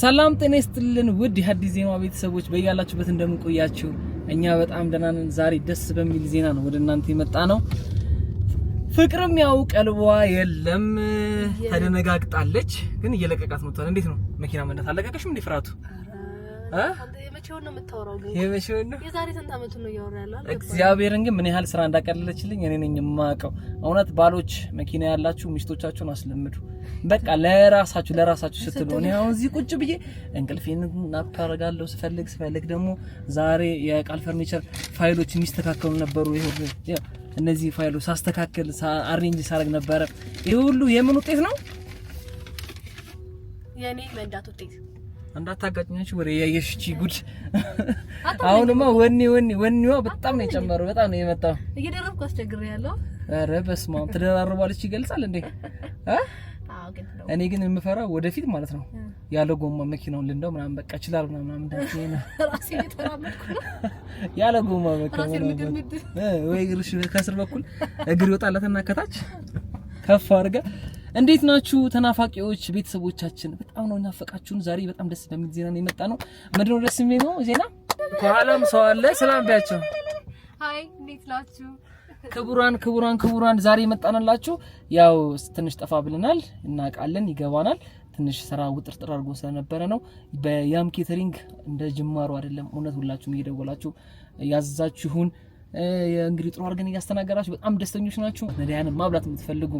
ሰላም ጤና ይስጥልን ውድ የሀዲስ ዜና ቤተሰቦች በያላችሁበት እንደምንቆያችሁ፣ እኛ በጣም ደህና ነን። ዛሬ ደስ በሚል ዜና ነው ወደ እናንተ የመጣ ነው። ፍቅርም ያው ቀልቧ የለም ተደነጋግጣለች፣ ግን እየለቀቃት መጥቷል። እንዴት ነው መኪና መንዳት አለቀቀሽም እንዴ? የመቼውን ነው የዛሬ ስንት ነው እያወራ ያለው? እግዚአብሔርን ግን ምን ያህል ስራ እንዳቀለለችልኝ እኔ ነኝ የማውቀው። እውነት ባሎች መኪና ያላችሁ ሚስቶቻችሁን አስለምዱ። በቃ ለራሳችሁ ለራሳችሁ ስትሉ። እኔ አሁን እዚህ ቁጭ ብዬ እንቅልፌን እናታረጋለሁ ስፈልግ ስፈልግ ደግሞ ዛሬ የቃል ፈርኒቸር ፋይሎች የሚስተካከሉ ነበሩ። ይሄ እነዚህ ፋይሎች ሳስተካከል አሬንጅ ሳረግ ነበረ። ይሄ ሁሉ የምን ውጤት ነው? የኔ መንዳት ውጤት እንዳታጋጭኛችሁ ወሬ ያየሽ እቺ ጉድ። አሁንማ ወኔ ወኔ ወኔዋ በጣም ነው የጨመረው፣ በጣም ነው የመጣው። እየደረብኩ ያለው። ኧረ በስመ አብ ትደራርባለች፣ ይገልጻል እንዴ! እኔ ግን የምፈራው ወደፊት ማለት ነው ያለ ጎማ መኪናውን ልንደው ምናምን በቃ ይችላል ምናምን ምናምን ራሴ እየተራመድኩ ያለ ጎማ በቃ ወይ እግርሽ ከስር በኩል እግር ይወጣላትና ከታች ከፍ አድርጋ እንዴት ናችሁ ተናፋቂዎች ቤተሰቦቻችን? በጣም ነው እናፈቃችሁን። ዛሬ በጣም ደስ በሚል ዜና ነው የመጣ ነው። ምንድን ነው ደስ የሚል ነው ዜና? ከኋላም ሰው አለ። ሰላም ቢያቸው። ሀይ እንዴት ናችሁ? ክቡራን ክቡራን ክቡራን ዛሬ የመጣንላችሁ ያው ትንሽ ጠፋ ብለናል፣ እናውቃለን፣ ይገባናል። ትንሽ ስራ ውጥርጥር አድርጎ ስለነበረ ነው። በያም ኬተሪንግ እንደ ጅማሩ አይደለም እውነት ሁላችሁም እየደወላችሁ ያዘዛችሁን እንግዲህ ጥሩ አድርገን እያስተናገራችሁ በጣም ደስተኞች ናችሁ። ነዳያንን ማብላት የምትፈልጉ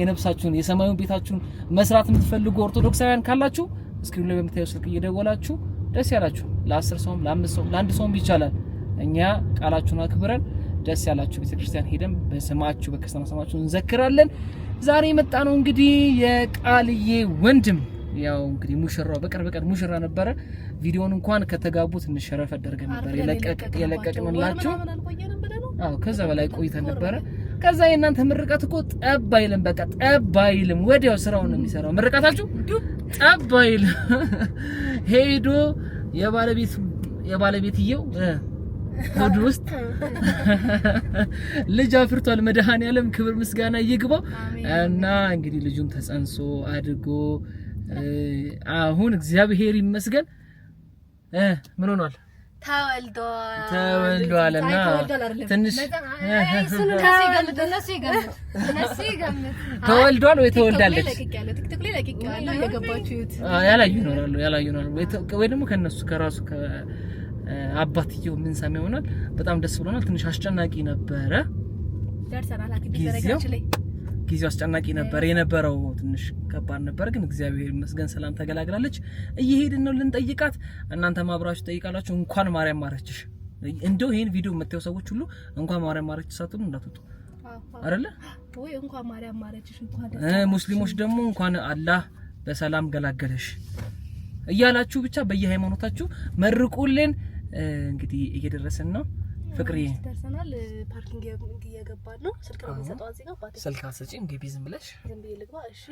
የነብሳችሁን የሰማዩን ቤታችሁን መስራት የምትፈልጉ ኦርቶዶክሳውያን ካላችሁ እስክሪን ላይ በምታየው ስልክ እየደወላችሁ ደስ ያላችሁ ለአስር ሰውም ለአምስት ሰውም ለአንድ ሰውም ይቻላል። እኛ ቃላችሁን አክብረን ደስ ያላችሁ ቤተክርስቲያን ሄደን በስማችሁ በክርስትና ስማችሁ እንዘክራለን። ዛሬ የመጣ ነው እንግዲህ የቃልዬ ወንድም ያው እንግዲህ ሙሽራው በቅርብ ቀን ሙሽራ ነበረ። ቪዲዮውን እንኳን ከተጋቡ ትንሽ ሸረፍ አደርገን ነበር የለቀቅንላችሁ። አዎ ከዛ በላይ ቆይተን ነበረ። ከዛ የእናንተ ምርቀት እኮ ጠብ አይልም፣ በቃ ጠብ አይልም። ወዲያው ስራውን ነው የሚሰራው። ምርቀታችሁ ጠብ አይልም። ሄዶ የባለቤት የባለቤትየው ሆድ ውስጥ ልጅ አፍርቷል። መድኃኔዓለም ክብር ምስጋና ይግባው እና እንግዲህ ልጁም ተጸንሶ አድጎ አሁን እግዚአብሔር ይመስገን ምን ሆኗል? ተወልዷል እና ትንሽ ተወልዷል ወይ ተወልዳለች? ያላዩ ይኖራሉ ያላዩ ይኖራሉ ወይ ደግሞ ከእነሱ ከራሱ አባትየው የምንሰማ ይሆናል። በጣም ደስ ብሎናል። ትንሽ አስጨናቂ ነበረ ጊዜው ጊዜው አስጨናቂ ነበር የነበረው ትንሽ ከባድ ነበር፣ ግን እግዚአብሔር ይመስገን ሰላም ተገላግላለች። እየሄድን ነው ልንጠይቃት። እናንተ ማብራችሁ ጠይቃላችሁ። እንኳን ማርያም ማረችሽ። እንደው ይሄን ቪዲዮ የምታዩ ሰዎች ሁሉ እንኳን ማርያም ማረችሽ ሳትሉ እንዳትወጡ አይደለ ወይ? እንኳን ማርያም ማረችሽ፣ እንኳን ሙስሊሞች ደግሞ እንኳን አላህ በሰላም ገላገለሽ እያላችሁ ብቻ በየሃይማኖታችሁ መርቁልን። እንግዲህ እየደረስን ነው ፍቅሪ ደርሰናል። ፓርኪንግ እየገባን ነው። ስልክ ነው የሚሰጠው እዚህ ጋር ባትሪ ስልክ አትሰጪም። ግቢ ዝም ብለሽ ዝም ብዬ ልግባ። እሺ።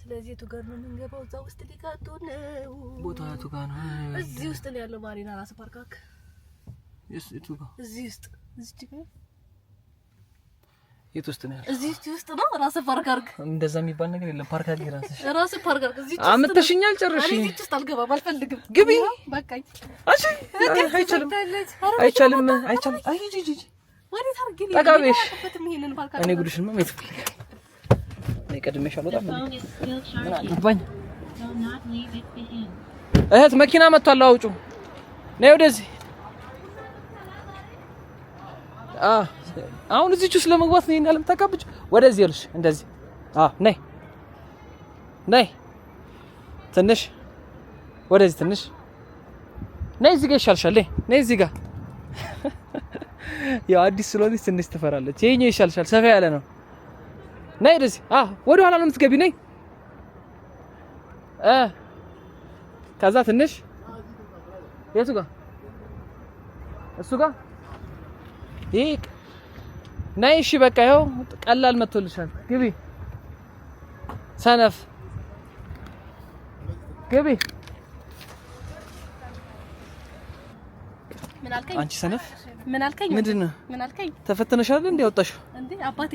ስለዚህ የቱ ጋር ነው የምንገባው? እዛ ውስጥ ሊጋጡ ነው። ቦታ የቱ ጋር ነው? እዚህ ውስጥ ነው ያለው ማሪና ራስ ፓርካክ። እዚህ ውስጥ እዚህ ጋር የት ውስጥ ነው? እዚህ ውስጥ ነው። ራስ ፓርክ አድርግ። እንደዛ የሚባል ነገር የለም። ፓርክ አድርግ። ራስህ ራስ ፓርክ አድርግ። እዚህ ውስጥ አምጥተሽኛል። ጨርሽ። እዚህ ውስጥ አልገባም፣ አልፈልግም። ግቢ። በቃኝ። እሺ። አይቻልም፣ አይቻልም፣ አይቻልም። አይ ጂ ጂ ጂ ወዴት አድርግ ነው ጠቃቤሽ። እኔ ጉድሽን ማየት ፈልጋለሁ። እኔ ቀድሜሻለሁ። በጣም ምን አገባኝ። እህት መኪና መጥቷል፣ አውጪው። ነይ ወደዚህ አሁን እዚህ ውስጥ ለመግባት ነው ይሄን ተቀብጭ ወደዚህ ልሽ እንደዚህ አዎ ነይ ነይ ትንሽ ወደዚህ ትንሽ ነይ እዚህ ጋር ይሻልሻል ነይ እዚህ ጋር ያው አዲስ ስለሆነች ትንሽ ትፈራለች ይሄኛው ይሻልሻል ሰፋ ያለ ነው ነይ ወደዚህ አዎ ወደ ኋላ ነው የምትገቢ ነይ እ ከዛ ትንሽ የቱ ጋር እሱ ጋር ይሄ ነይ። እሺ በቃ ይኸው ቀላል መቶልሻል። ግቢ ሰነፍ ግቢ። አንቺ ሰነፍ ምን አልከኝ? ምንድን ነው ምን አልከኝ? ተፈተነሻል እንዴ? ያወጣሽው እንዴ? አባቴ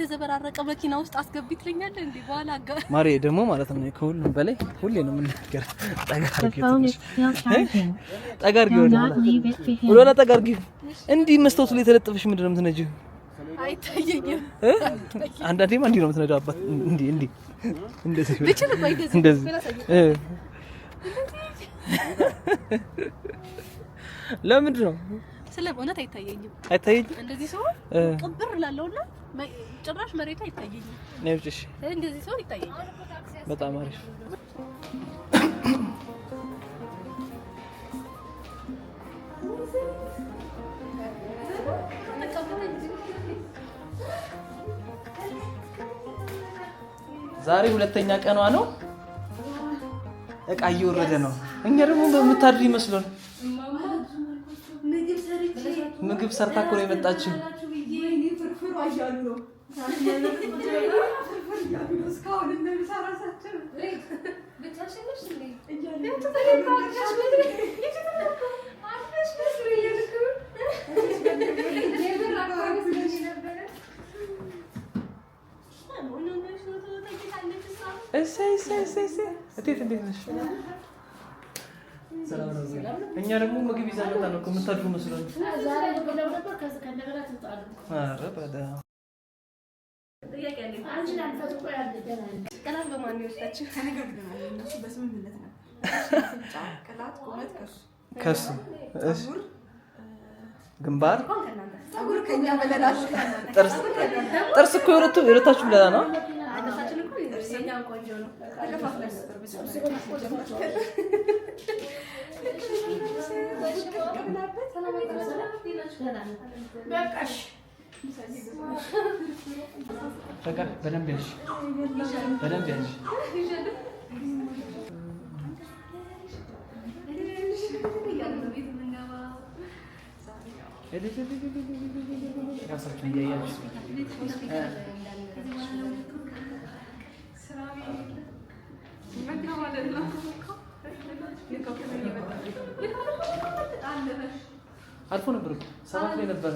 ተዘበራረቀ መኪና ውስጥ አስገቢ ትለኛለህ እንዴ? በኋላ አጋ ማሬ ደግሞ ማለት ነው። ከሁሉም በላይ ሁሌ ነው ወደኋላ ጠጋ እንዲህ መስታወቱ ላይ የተለጠፈሽ ምንድን ነው የምትነጂው? አንዳንዴም እንዲህ ነው የምትነጂው። አባት እንዲህ እንዲህ እንደዚህ እንደዚህ ለምንድን ነው ስለ እውነት አይታየኝም አይታየኝም። እንደዚህ ቅብር ጭራሽ መሬቱ አይታየኝም። እንደዚህ ይታየኛል። በጣም አሪፍ ዛሬ ሁለተኛ ቀኗ ነው። እቃ እየወረደ ነው። እኛ ደግሞ በምታድር ይመስሉን ምግብ ሰርታ እኮ ነው የመጣችው። እሰይ እሰይ እሰይ እሰይ እንዴት እንዴት ነሽ? እኛ ደግሞ ምግብ ይዛ መጣ ነው የምታድሩ መስሎን። ከሱ ግንባር፣ ጥርስ እኮ የረታችሁ ብለና ነው ቆንጆ ነው። በደንብ ያልሽ በደንብ ያልሽ ራሳችሁን እያያችሁ አልፎ ነበር ሰባት ላይ ነበረ።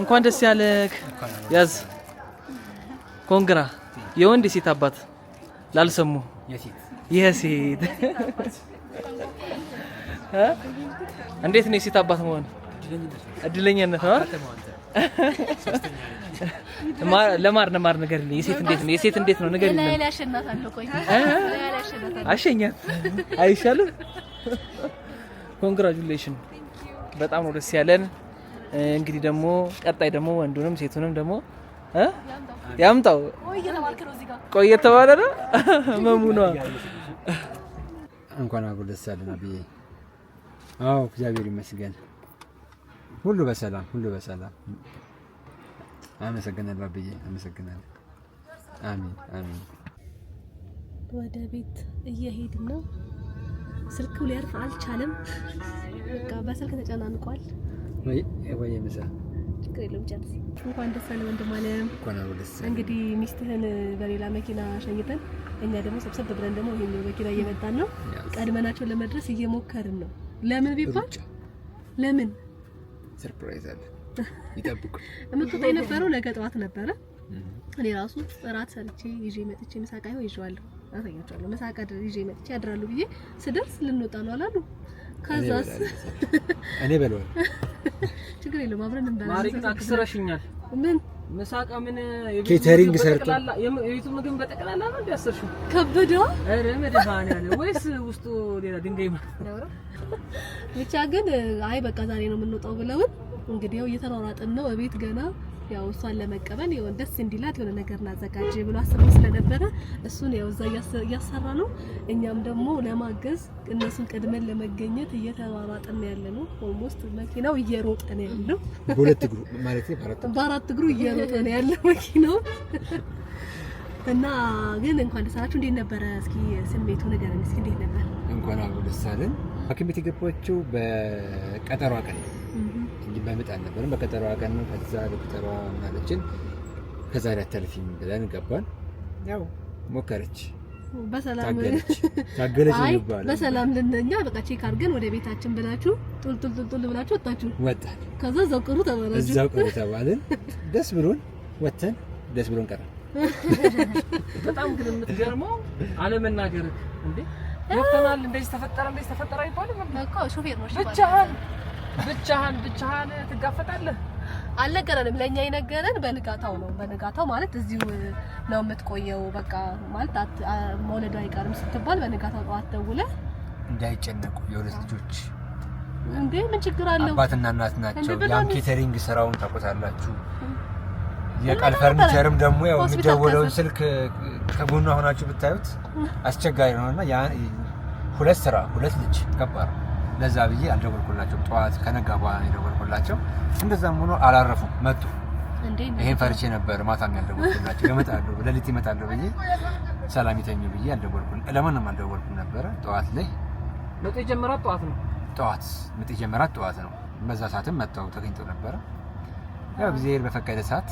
እንኳን ደስ ያለህ። ያዝ ኮንግራ የወንድ የሴት አባት ላልሰሙ የሴት እንዴት ነው የሴት አባት መሆን? እድለኛነት ነው ለማር ለማር ነገር ንገሪልኝ፣ የሴት እንዴት ነው? የሴት እንዴት ነው ንገሪልኝ። አሸኛት አይሻልም? ኮንግራጁሌሽን፣ በጣም ነው ደስ ያለን። እንግዲህ ደግሞ ቀጣይ ደግሞ ወንዱንም ሴቱንም ደግሞ ያምጣው። ቆየ ተባለ ነው መሙኗ እንኳን አብሮ ደስ ያለን አብዬ። አዎ እግዚአብሔር ይመስገን፣ ሁሉ በሰላም ሁሉ በሰላም አመሰግናለሁ አብዬ፣ አመሰግናለሁ። አሚን አሚን። ወደ ቤት እየሄድን ነው። ስልኩ ሊያርፍ አልቻለም። በቃ በስልክ ተጨናንቋል ወይ ወይ ምሳ ችግር የለውም። ጨርስ። እንኳን ደስ አለ ወንድማለም። እንግዲህ ሚስትህን በሌላ መኪና ሸኝተን እኛ ደግሞ ሰብሰብ ብለን ደግሞ ይሄኛው መኪና እየመጣን ነው። ቀድመናቸው ለመድረስ እየሞከርን ነው። ለምን ቢባል ለምን ሰርፕራይዝ አለ። ይጠብቁ። የምትወጣ የነበረው ነገ ጠዋት ነበረ። እኔ ራሱ እራት ሰርቼ ይዤ መጥቼ ምሳቃ ይዤዋለሁ፣ አሳያቸዋለሁ። ምሳቃ ይዤ መጥቼ ያድራሉ ብዬ ስደርስ ልንወጣ ነው አላሉ ከዛስ እኔ በለው ችግር የለውም አብረን እንበላለን። ማሪቅና ክስረሽኛል። ምን ምሳ ዕቃ ምን ኬተሪንግ ሰርቶ የቤቱ ምግብ በጠቅላላ ነው እንዲያሰርሽው ከበደ። ኧረ መድኃኒዓለም ወይስ ውስጡ ሌላ ድንጋይ ማለት ነው? ብቻ ግን አይ በቃ ዛሬ ነው የምንወጣው ብለውን እንግዲህ ያው እየተሯሯጥን ነው እቤት ገና ያው እሷን ለመቀበል ይሁን ደስ እንዲላት የሆነ ነገር እናዘጋጅ ብሎ አስቦ ስለነበረ እሱን ያው እዛ እያሰራ ነው። እኛም ደግሞ ለማገዝ እነሱን ቀድመን ለመገኘት እየተሯሯጥን ያለ ነው። ኦልሞስት መኪናው እየሮጠ ነው ያለው። በሁለት እግሩ ማለት ነው፣ በአራት እግሩ እየሮጠ ነው ያለው መኪናው እና ግን እንኳን ደስ አላችሁ። እንዴት ነበረ? እስኪ ስሜቱ ንገረን እስኪ እንዴት ነበር? እንኳን አብሮ ደስ አለን። ሐኪም ቤት የገባችው በቀጠሯ ቀን በምጥ አልነበረም። በቀጠሯ ቀን ከዛ በቀጠሯ ማለችን ከዛሬ አታልፊም ብለን ገባን። ያው ሞከረች፣ ታገለች ይባላል። በሰላም ልነኛ በቃ ቼክ አድርገን ወደ ቤታችን ብላችሁ ጡልጡል ጡልጡል ብላችሁ ወጣችሁ። ወጣን። ከዛ እዛው ቅሩ ተባላችሁ። እዛው ቅሩ ተባልን። ደስ ብሎን ወተን፣ ደስ ብሎን ቀረ። በጣም ግን የምትገርመው አለመናገር እንዴ፣ ወተናል። እንደዚህ ተፈጠረ፣ እንደዚህ ተፈጠረ አይባልም። በቃ ሾፌር ነው ብቻህን ብቻህን ብቻህን ትጋፈጣለህ? አልነገረንም። ለእኛ የነገረን በንጋታው ነው። በንጋታው ማለት እዚሁ ነው የምትቆየው፣ በቃ ማለት መውለዱ አይቀርም ስትባል በንጋታው ጠዋት ደውለህ እንዳይጨነቁ የሁለት ልጆች እንዴ ምን ችግር አለው? አባትና እናት ናቸው። ያን ኬተሪንግ ስራውን ታቆታላችሁ። የቃል ፈርኒቸርም ደግሞ ያው የሚደወለውን ስልክ ከጎኗ ሆናችሁ ብታዩት አስቸጋሪ ነውና ሁለት ስራ ሁለት ልጅ ከባድ ለዛ ብዬ አልደወልኩላቸው። ጠዋት ከነጋ በኋላ ነው የደወልኩላቸው። እንደዛም ሆኖ አላረፉም፣ መጡ። ይሄን ፈርቼ ነበር። ማታም ያልደወልኩላቸው ይመጣሉ፣ ሌሊት ይመጣሉ ብዬ ሰላም ይተኙ ብዬ አልደወልኩም። ለማንም አልደወልኩም ነበረ። ጠዋት ላይ ምጥ ጀመራት። ጠዋት ነው ጠዋት ምጥ ጀመራት። ጠዋት ነው በዛ ሰዓትም መጥተው ተገኝተው ነበረ። ያው እግዚአብሔር በፈቀደ ሰዓት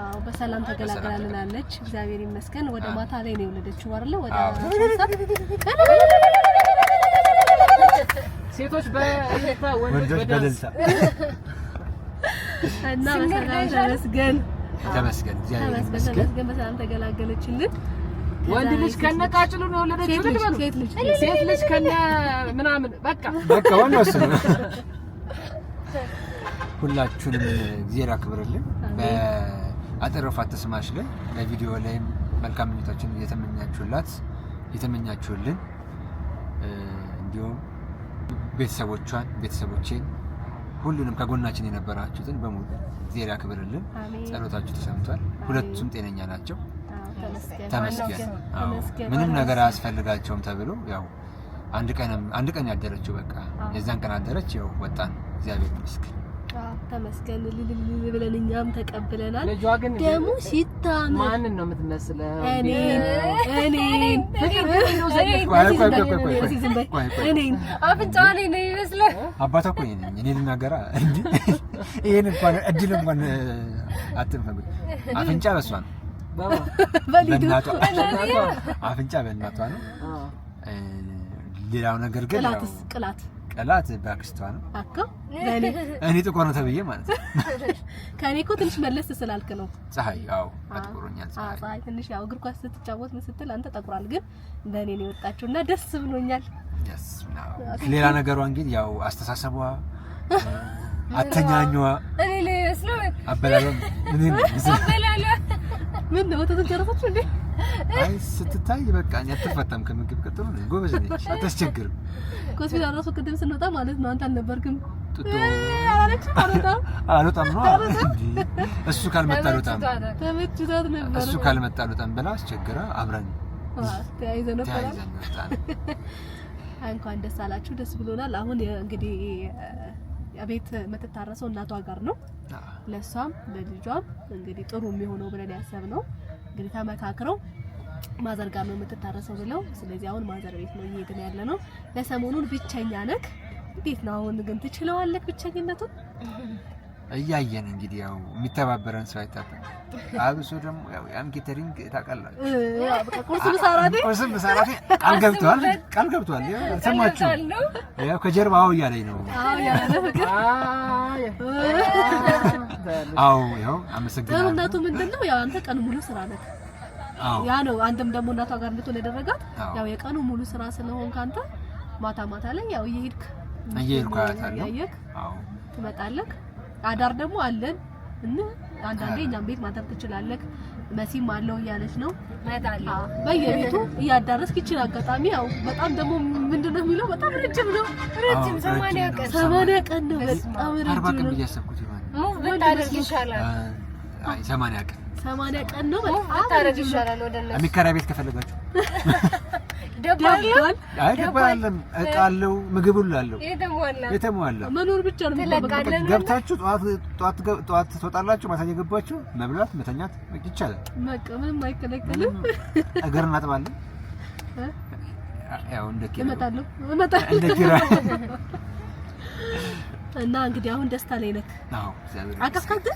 አዎ በሰላም ተገላግላለናለች። እግዚአብሔር ይመስገን። ወደ ማታ ላይ ነው የወለደችው አይደለ? ወደ ሴቶች በእልልታ ወንዶች በደስታ እና በሰላም ተመስገን ተመስገን እግዚአብሔር ይመስገን በሰላም ተገላገለችልን። ወንድ ልጅ ከነቃጭሉ ነው የወለደችው ልጅ ሴት ልጅ ከነ ምናምን በቃ በቃ ዋናው እሱ ነው። ሁላችሁንም እግዚአብሔር ያክብርልን። በአጠረፋት ተስማሽ ላይ በቪዲዮ ላይም መልካም ምኞታችን እየተመኛችሁላት እየተመኛችሁልን እንዲሁም ቤተሰቦቿን፣ ቤተሰቦቼን ሁሉንም ከጎናችን የነበራችሁትን በሙሉ ዜር ያክብርልን። ጸሎታችሁ ተሰምቷል። ሁለቱም ጤነኛ ናቸው። ተመስገን። ምንም ነገር አያስፈልጋቸውም ተብሎ ያው አንድ ቀን ያደረችው በቃ የዛን ቀን አደረች። ያው ወጣን። እግዚአብሔር ይመስገን። ተመስገን ብለን እኛም ተቀብለናል። ደግሞ ሲታመ ማንን ነው የምትመስለው? ነው እኔ እኔ አፍንጫ በሷ ነው፣ አፍንጫ በእናቷ ነው። ሌላው ነገር ግን ቅላት የበቀላት በአክስቷ ነው። እኔ ጥቁር ነው ተብዬ ማለት ነው። ከእኔ እኮ ትንሽ መለስ ስላልክ ነው። ፀሐይ አዎ አጥቁሮኛል። ፀሐይ ትንሽ ያው እግር ኳስ ስትጫወት ምስትል አንተ ጠቁራል፣ ግን በእኔ ነው የወጣችው እና ደስ ብሎኛል። ሌላ ነገሯ እንግዲህ ያው አስተሳሰቧ፣ አተኛኛዋ፣ አበላሏ ምን ነው ወተት ጨረሳችሁ እንዴ? አይ ስትታይ በቃ እኔ አትፈታም ከምግብ ቀጥሎ ነው። ጎበዝ ነሽ፣ አታስቸግርም። ከሆስፒታል እራሱ ቅድም ስንወጣ ማለት ነው አንተ አልነበርክም። ጡጦ አልወጣም ነው እሱ ካልመጣ አልወጣም፣ ተመችቷት ነበር እሱ ካልመጣ አልወጣም ብላ አስቸግራ አብረን ተያይዘን ነበር። እንኳን ደስ አላችሁ፣ ደስ ብሎናል። አሁን እንግዲህ ቤት የምትታረሰው እናቷ ጋር ነው። ለእሷም ለልጇም እንግዲህ ጥሩ የሚሆነው ብለን ያሰብነው እንግዲህ ተመካክረው ማዘር ጋር ነው የምትታረሰው ብለው፣ ስለዚህ አሁን ማዘር ቤት ነው እየሄድን ያለ ነው። ለሰሞኑን ብቸኛ ነክ እንዴት ነው አሁን ግን ትችለዋለክ ብቸኝነቱን? እያየን እንግዲህ ያው የሚተባበረን ሰው አይታጠም። አብሶ ደግሞ ያው ያን ኬተሪንግ ታውቃላችሁ፣ ቁርስም ብሰራ ቃል ገብተዋል፣ ቃል ገብተዋል። ሰማችሁ? ያው ከጀርባ አዎ እያለኝ ነው። አዎ ያው አመሰግናለሁ። እናቱ ምንድን ያው አንተ ቀን ሙሉ ስራ ነህ። ያ ነው አንተም ደግሞ እናቷ ጋር እንድትሆን ያደረጋት ያው የቀኑ ሙሉ ስራ ስለሆንክ ካንተ ማታ ማታ ላይ ያው እየሄድክ እየሄድኩ አያታለሁ። አዎ ትመጣለህ አዳር ደግሞ አለን እና አንዳንዴ እኛም ቤት ማደር ትችላለህ። መሲም አለው እያለች ነው በየቤቱ እያዳረስክ ይችል አጋጣሚ ያው በጣም ደግሞ ምንድን ነው የሚለው በጣም ረጅም ነው። ረጅም ሰማንያ ቀን ሰማንያ ቀን ነው። በጣም ረጅም ነው። እያሰብኩት ይሆናል ሰማንያ ቀን ነው። በጣም የሚከራ ቤት ከፈለጋችሁ ደባለም እቃለው ምግብ ሁሉ የተሟላ መኖር ብቻ ነው። ገብታችሁ ጠዋት ትወጣላችሁ። ማታ የገባችሁ መብላት፣ መተኛት ይቻላል። በቃ ምንም አይከለከልም። እግር እናጥባለን። ያው እንደ እመጣለሁ እመጣለሁ እንደ ኪራ እና እንግዲህ አሁን ደስታ ላይ ነህ። አቀፍካት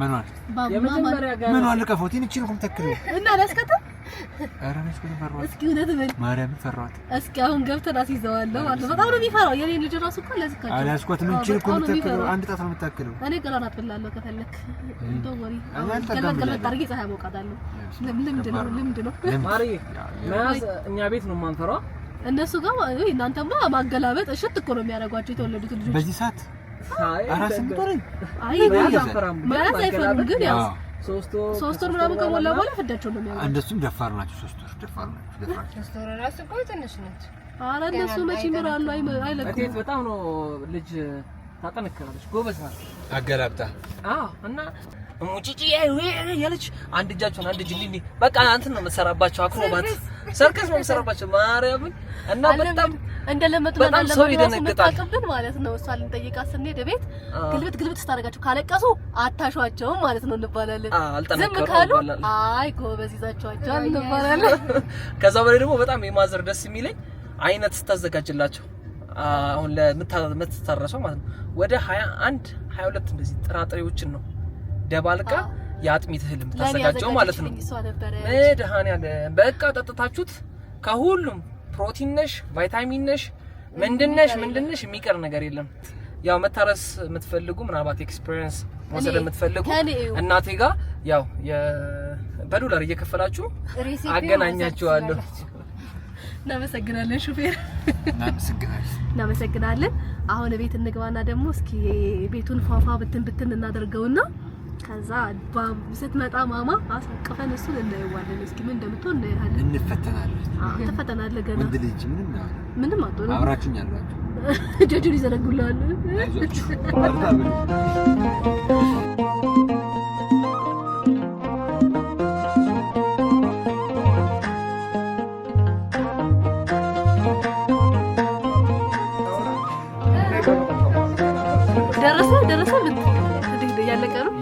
ምን ሆነ? ልቀፎት ይህን ይህቺን እና አላስከተም እስኪ እውነት በል ማርያምን ፈራኋት። እስኪ አሁን ገብተን አስይዘዋለሁ ማለት ነው። በጣም ነው የሚፈራው የኔ ልጅ ራሱ እኮ ለዝካቸው አላስኳት። ምን ችል እኮ አንድ ጣት ነው የምታክለው። እኔ ገላን አጥብላለሁ ከፈለክ እኛ ቤት ነው የማንፈራው። እነሱ ጋር እናንተማ ማገላበጥ እሽት እኮ ነው የሚያደርጓቸው የተወለዱት ልጆች በዚህ ሰዓት አራስም ጦረኝ አይ ማለት አይፈሩም ግን ያው ሶስት ወር ምናምን ከሞላ በኋላ ፍዳቸው ነው የሚያወጡት። እንደሱም ደፋር ናቸው። ሶስት ወር ደፋር ናቸው። ሶስት ወር እራሱ እኮ ትንሽ ነች። ኧረ እነሱ መቼ ይምራሉ? አይለቁም። በጣም ነው ልጅ ታጠነክራለች። ጎበዝ ናት አገላብጣ። አዎ እና ሙጪጪ ያለች አንድ እጃቸውን አንድ እጅ በቃ አንተ ነው የምትሰራባቸው፣ አክሮባት ሰርከስ ነው የምትሰራባቸው። ማርያምን እና በጣም እንደለመጡ በጣም ሰው ይደነግጣል ማለት ነው። እሷ ልንጠይቃት ስንሄድ ቤት ግልብት ግልብት ስታደርጋቸው ካለቀሱ አታሿቸውም ማለት ነው እንባላለን። ዝም ካሉ አይ ጎበዝ ይዛቸዋቸዋል እንባላለን። ከዛ በላይ ደግሞ በጣም የማዘር ደስ የሚለኝ አይነት ስታዘጋጅላቸው አሁን ለምትታረሰው ማለት ነው ወደ 21 22 እንደዚህ ጥራጥሬዎችን ነው ደባልቃ የአጥሚት እህል የምታዘጋጀው ማለት ነው። ያለ በቃ ጠጥታችሁት ከሁሉም ፕሮቲን ነሽ፣ ቫይታሚን ነሽ፣ ምንድነሽ ምንድነሽ የሚቀር ነገር የለም። ያው መታረስ የምትፈልጉ ምናልባት ኤክስፒሪየንስ መውሰድ የምትፈልጉ እናቴ ጋ ያው በዶላር እየከፈላችሁ አገናኛችኋለሁ። እናመሰግናለን ሹፌር፣ እናመሰግናለን። አሁን ቤት እንግባና ደግሞ እስኪ ቤቱን ፏፏ ብትን ብትን እናደርገውና ከዛ ስትመጣ ማማ አሳቅፈን እሱን እናየዋለን። እስኪ ምን እንደምትሆን እናያለን። እንፈተናለን። አዎ ገና ወንድ ልጅ ምንም ነው ምንም አትሆንም። አብራችሁኝ አላችሁ እጆቹን ይዘረጉልሃል። ደረሰ ደረሰ እያለቀ ነው።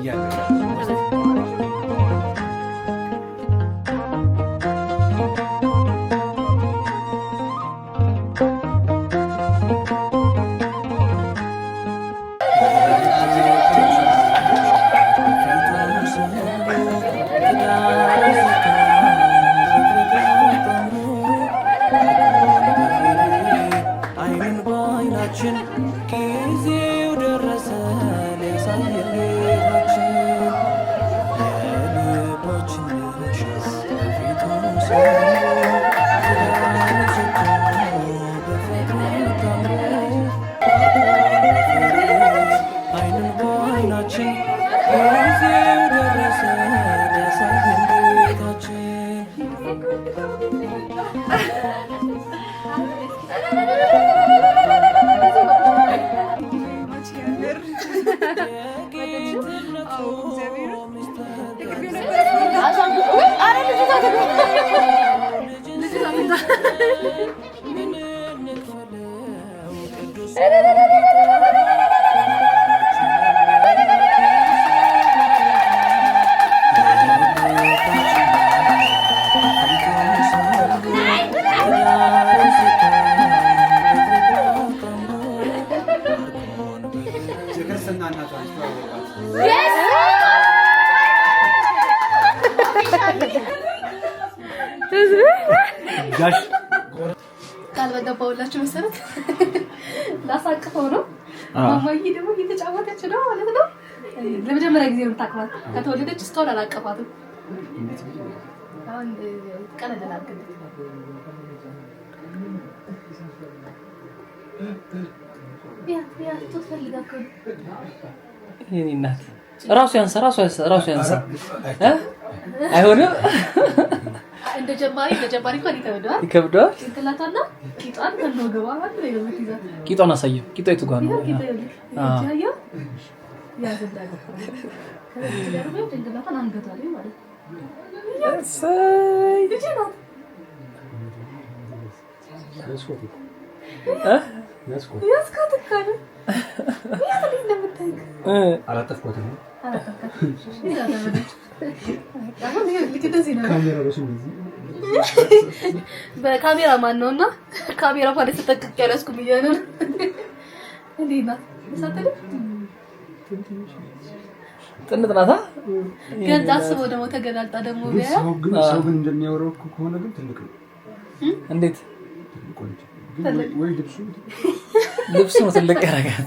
እየተጫወተች ነው ማለት ነው። ለመጀመሪያ ጊዜ የምታቅፋት ከተወለደች እስካሁን አላቀፋትም። የእኔ እናት ራሱ ያንሳ ራሱ ያንሳ ራሱ ያንሳ አይሆንም እንደ ጀማሪ እንደ ጀማሪ እንኳን ይከብደዋል ይከብደዋል። ጭንቅላቷና ቂጧን ከነገባ ማለት ነው። ቂጧን አሳየው። ቂጧ የቱ ጋር ነው? ያዝኳት እኮ ነው። በካሜራ ማን ነው እና ካሜራ ማለት ተጠቅቅ ያለስኩ ብያለ ጥንት ናታ ገዛ አስበው ደግሞ ተገላልጣ ደግሞ ሰው ግን እንደሚያወራው ከሆነ ግን ትልቅ ነው። እንዴት ልብሱ ነው ትልቅ ያደርጋል።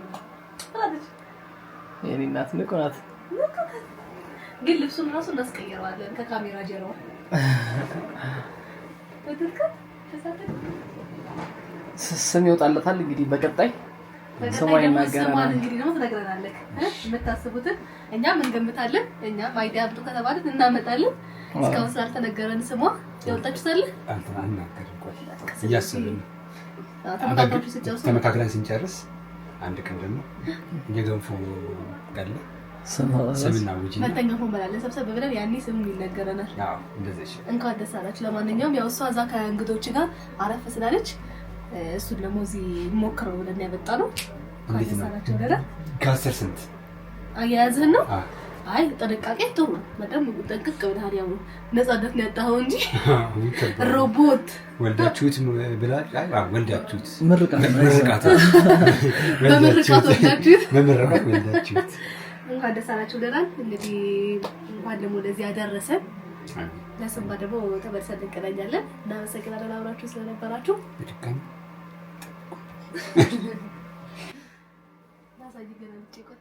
አለች። የኔ እናት ንቁ ናት። ግን ልብሱን ራሱ እናስቀይረዋለን ከካሜራ ጀርባ ስም ይወጣለታል። እንግዲህ በቀጣይ ስሟ ይናገራል። እንግዲህ ደግሞ ትነግረናለህ የምታስቡትን እኛም እንገምታለን። እኛም አይዲያ አምጡ ከተባለን እናመጣለን። እስካሁን ስላልተነገረን ስሟ ያወጣችሁታል። እያሰብን ተመካክለን ስንጨርስ አንድ ቀን ደግሞ የገንፎ ቀለ ስምና ውጭ መተን ገንፎ እንበላለን ሰብሰብ ብለን ያኔ ስም ይነገረናል። እንኳን ደስ አላችሁ። ለማንኛውም ያው እሷ እዛ ከእንግዶች ጋር አረፍ ስላለች እሱን ደግሞ እዚህ ሞክረው ብለን ያመጣ ነው። ደስ አላችሁ ብለናል። ከአስር ስንት አያያዝህን ነው አይ ጥንቃቄ ጥሩ ነው። በጣም ጠንቅቅ ብለሃል። ያው ነጻነት ነው ያጣኸው እንጂ ሮቦት ወልዳችሁት ብላ ወልዳችሁት ምርቃት በምርቃት ወልዳችሁት እንኳን ደስ አላችሁ ብለናል። እንግዲህ እንኳን ደግሞ ለዚህ ያደረሰን ለስንባ ደግሞ ተመልሰን እንገናኛለን። እናመሰግናለን አብራችሁ ስለነበራችሁ ገና